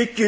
iki